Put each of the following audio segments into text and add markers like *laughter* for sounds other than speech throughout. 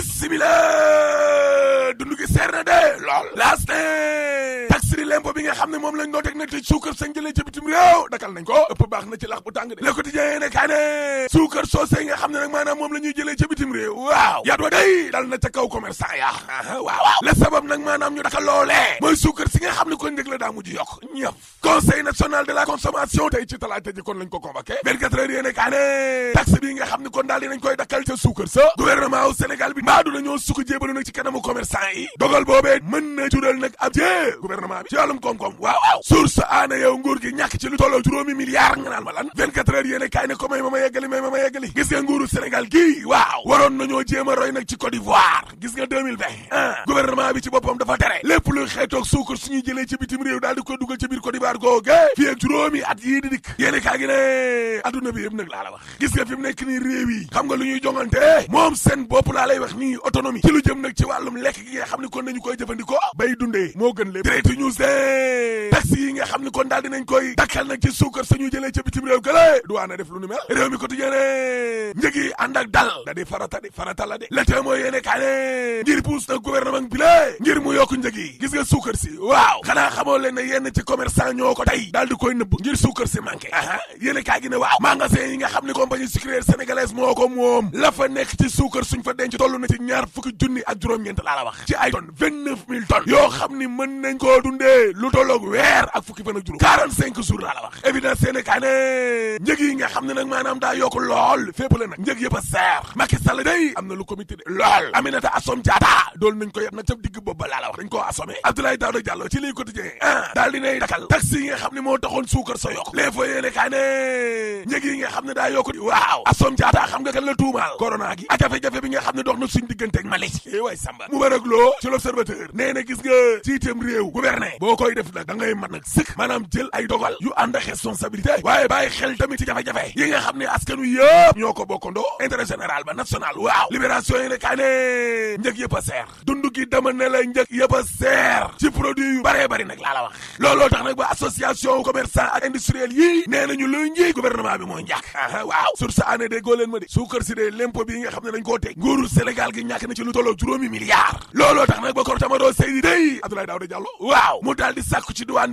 bismillah dund gi seer na de lool laas ne bi nga xam ne moom lañ doon teg te suukar sañ jëlee ca xam ne nag maanaam moom la ñuy jëlee ca waaw yat wa day dal na ca kaw commerçant ya waaw waaw la sabab nag maanaam ñu dakal loolee mooy suukar si nga xam ne kon njëg la daa mujj yokk ñëf conseil national de la consommation tey ci talaata ji kon lañ ko convoqué vingt-quatre heures yéene kaa ne taxe bi nga xam ne kon daal dinañ koy dakkal suukar sa gouvernement wu Sénégal bi mbaa du na jural nag ab jee gouvernement bi ci koom waaw waaw source aana yow nguur gi ñàkk ci lu tolloo juróomi milliards nga ma lan 24 heures yéene kaay ko may ma ma yeggali may ma ma yeggali gis nga nguuru Sénégal gii waaw waroon nañoo jéem a roy ci Côte d'Ivoire gis nga 2020 gouvernement bi ci boppam dafa tere lépp luy xeetoog suukar suñuy jëlee ci bitim réew daal ko dugal ci biir Côte d'Ivoire googe fii ak juróomi at yii di dikk yéene kaay gi bi yëpp nag laa gis nga fi mu Amém! taxi yi nga xam ne kon daal dinañ koy dakkal nag ci suukar sañu jëlee ca bitim réew gële duwaana def lu nu mel réew mi ko tijjee njëg yi ànd ak dal da di fara ta farata la de le tee mooy yéene kaa ne ngir puus na gouvernement bi lée ngir mu yokk njëg yi suukar si waaw xanaa xamoo leen ne yenn ci commerçant ñoo ko tey daal di koy nëbb ngir suukar si manqué aha yéene kaa gi ne waaw magasin yi nga xam ne compagnie sucrière sénégalaise moo ko moom la fa nekk ci suukar suñ fa denc toll na ci ñaar fukki junni ak juróom-ñeent laa wax ci ay tonnes vingt neuf mën nañ koo dundee lu tolloog weer weer ak fukki fan ak juróom 45 jours laa la wax évidence seene kaa ne yi nga xam ne nag maanaam daa yokk lool fépp nag njëg yëpp a seer Macky Sall day am na lu comité de lool Aminata Assome Diatta dool nag ca digg booba laa la wax dañ koo ah daal di nay dakal taxi yi nga ne moo taxoon suukar sa yokk les fois yéene kaa ne yi nga xam ne daa yokk waaw Assome Diatta xam nga kan la tuumaal corona gi ak jafe-jafe bi nga xam ne dox na suñ diggante nag sëkk maanaam jël ay dogal yu ànd ak responsabilité waaye bàyyi xel tamit ci jafe-jafe yi nga xam ne askanu yëpp ñoo ko bokkandoo intérêt général ba national waaw libération yi ne kaa ne njëg a seer dund gi dama ne la njëg yëpp a seer ci produit yu bëree bëri nag laa la wax looloo tax nag ba association commerçant ak industriel yii nee nañu luy njiy gouvernement bi mooy njàkk aa waaw sur sa année déggoo leen ma de suukar si dee lempo bi nga xam ne dañ koo teg nguuru Sénégal gi ñàkk na ci lu tolloo juróomi milliards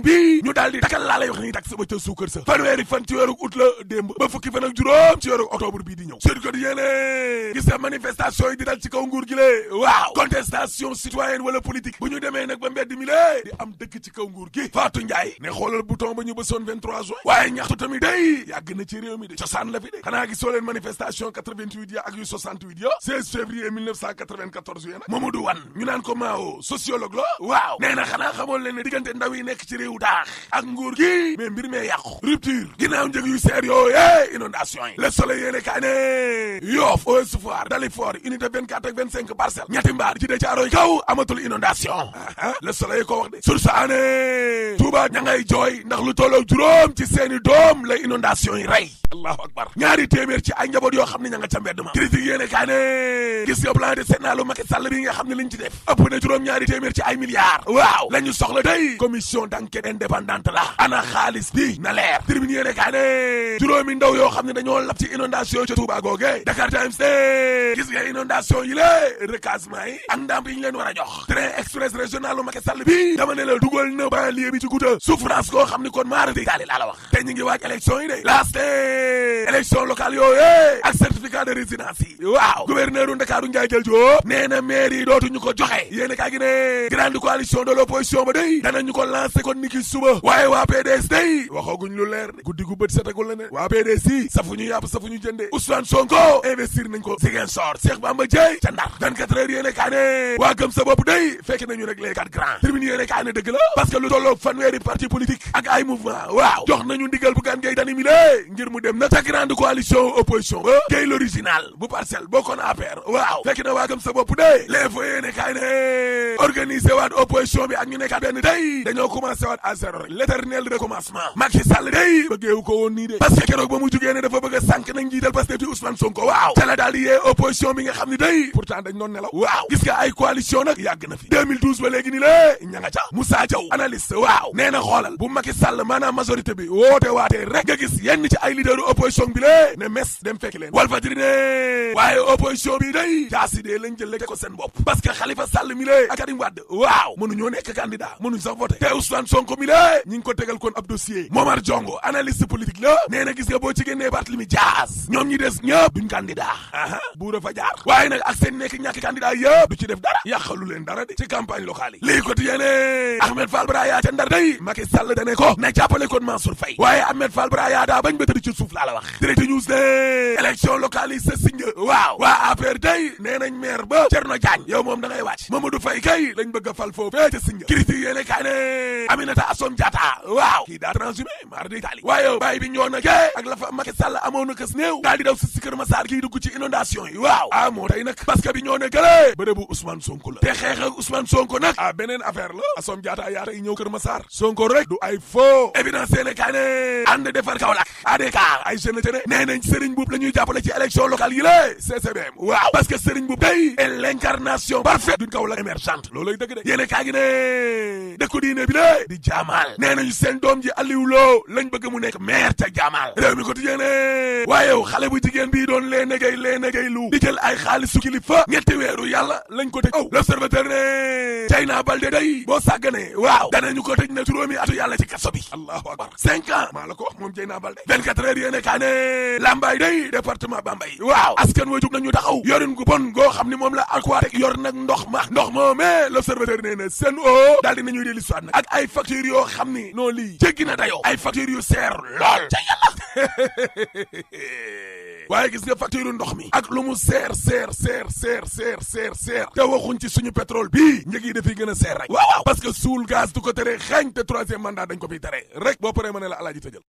bakkan bi ñu daal di dakkal laa lay wax ni taxe ba suukar sa fanweeri fan ci weeru août la démb ba fukki fan ak juróom ci weeru octobre bii di ñëw sud ko di yéene gis nga manifestation yi di dal ci kaw nguur gi le waaw contestation citoyenne wala politique bu ñu demee nag ba mbedd mi lée di am dëkk ci kaw nguur gi Fatou Ndiaye ne xoolal bouton ba ñu bësoon 23 waaye ñaxtu tamit day yàgg na ci réew mi de cosaan la fi de xanaa gisoo leen manifestation 88 wu taax ak nguur gi mais mbir mee yàqu rupture ginnaaw njëg yu seer yooyee inondation yi le soleil yéene kaa ne yoof Ouest Foire Dalifort unité 24 ak 25 parcelle ñetti mbaar ci de caaroy kaw amatul inondation ah, ah. le soleil ko wax de sur sa année Touba ña ngay jooy ndax lu tolloog juróom ci seeni doom la inondation yi rey allahu akbar ci ay njaboot yoo xam ne ña nga ca mbedd ma critique yéene kaa gis nga plan de scénario Macky Sall bi nga xam ne ci ay la ñu soxla day commission d'enquête enquête indépendante la ana xaalis bi na leer tribune yéene kaa ne juróomi ndaw yoo xam ne dañoo lab ci inondation ca Touba googe Dakar Times ne gis nga inondation yi lée recasement yi ak ndàmp yi ñu leen war a jox train express régional lu Macky bi dama ne la dugal na banlieue bi ci guta souffrance koo xam ni kon maara di taali laa la wax te ñu ngi waaj élection yi de last élection locale yooyu ak certificat de résidence yi waaw gouverneur u Ndakaaru Ndiaye Jël Joob nee ko joxe yéene kaa gi ne grande coalition de ki suba waaye waa PDS day waxaguñ lu leer guddi gu bët setagul ne waa PDS yi safuñu yàpp safuñu jënde Ousmane Sonko investir nañ ko Ziguinchor Cheikh Bamba Dieye ca Ndar 24 heures yéene waa gëm sa bopp day fekk nañu rek les quatre dëgg la parce que lu tolloog fanweeri parti politique ak ay mouvement waaw jox nañu ndigal bu gaan gay tani ngir mu dem na ca grande coalition opposition ba gay l'original bu parcelle bokkoon APR waaw à zéro rek l'éternel recommencement Macky Sall day bëggeewu ko woon nii de parce keroog ba mu jugee dafa bëgg a sànq nañ jiital Pastef di Ousmane Sonko waaw te la yee opposition bi nga xam ne day pourtant dañ doon nelaw waaw gis nga ay coalition nag yàgg na fi ba léegi ni la ña ca Moussa Diaw analyste waaw nee xoolal bu Macky Sall maanaam majorité bi woote waatee rek nga gis yenn ci ay leaderu opposition bi lée ne mes dem fekk leen Walfadjri ne waaye opposition Sonko mi la ñi ngi kon ab dossier Momar Diongo analyste politique la nee gis nga boo ci génnee Barthélémy Dias ñoom ñi des ñëpp duñ candidat aa buura fa jaar waaye nag ak nekk ñàkk candidat yëpp du ci def dara yàqalu leen dara di ci campagne locale yi lii quotidien Ahmed Fall Braya ca Ndar day Macky Sall dane ko na jàppale kon Mansour Faye waaye Ahmed Fall Braya daa bañ ba ci suuf laa la wax direct news ne élection locale yi sa a jaata asom jaata waaw kii daa transhumé maar di taali waaye bàyyi bi ñoo na kee la fa Macky Sall amoon na kës néew daal daw si si kër Massar kii dugg ci inondation yi waaw ah moo tey nag parce que bi ñoo na gëlee bërëbu Ousmane Sonko la te xeex ak Sonko nag ah beneen affaire la asom jaata yaa tey ñëw kër Massar Sonko rek du ay faux évidence seene kaa ne defar Kaolack ADK ay jeune te ne nee nañ Serigne Boub la ñuy jàppale ci élection locale yi la CCBM waaw jaamaal nee nañu seen doom ji Aliou Lo lañ mu nekk maire ca jaamaal réew mi ko tijéene waaye xale bu jigéen bii doon lee négéy lee négéy di jël ay xaalis kilifa ñetti weeru yàlla lañ ko tëj aw oh, l'observateur ne Dieyna day boo sàggane waaw danañu ko tëj na juróomi atu yàlla ci kaso allahu akbar cinq ans maa la ko wax moom Dieyna Baldé vingt-quatre heures yéene kaa day département Bambey waaw askan wa jug nañu taxaw yorin gu bon goo xam ni moom la Aquatec yor nag ndox ma ndox moomee o daal facture yoo xam ni non lii jéggi na dayoo ay facture yu seer lool ca yàlla *laughs* waaye gis nga facture ndox mi ak lu mu seer seer seer seer seer seer seer te waxuñ ci suñu pétrole bii njëg yi dafiy gën a seer rek waaw waaw parce que suul gaz du ko tere xañ te troisième mandat dañ ko fiy tere rek boo paree ma ne la alaaji tëjal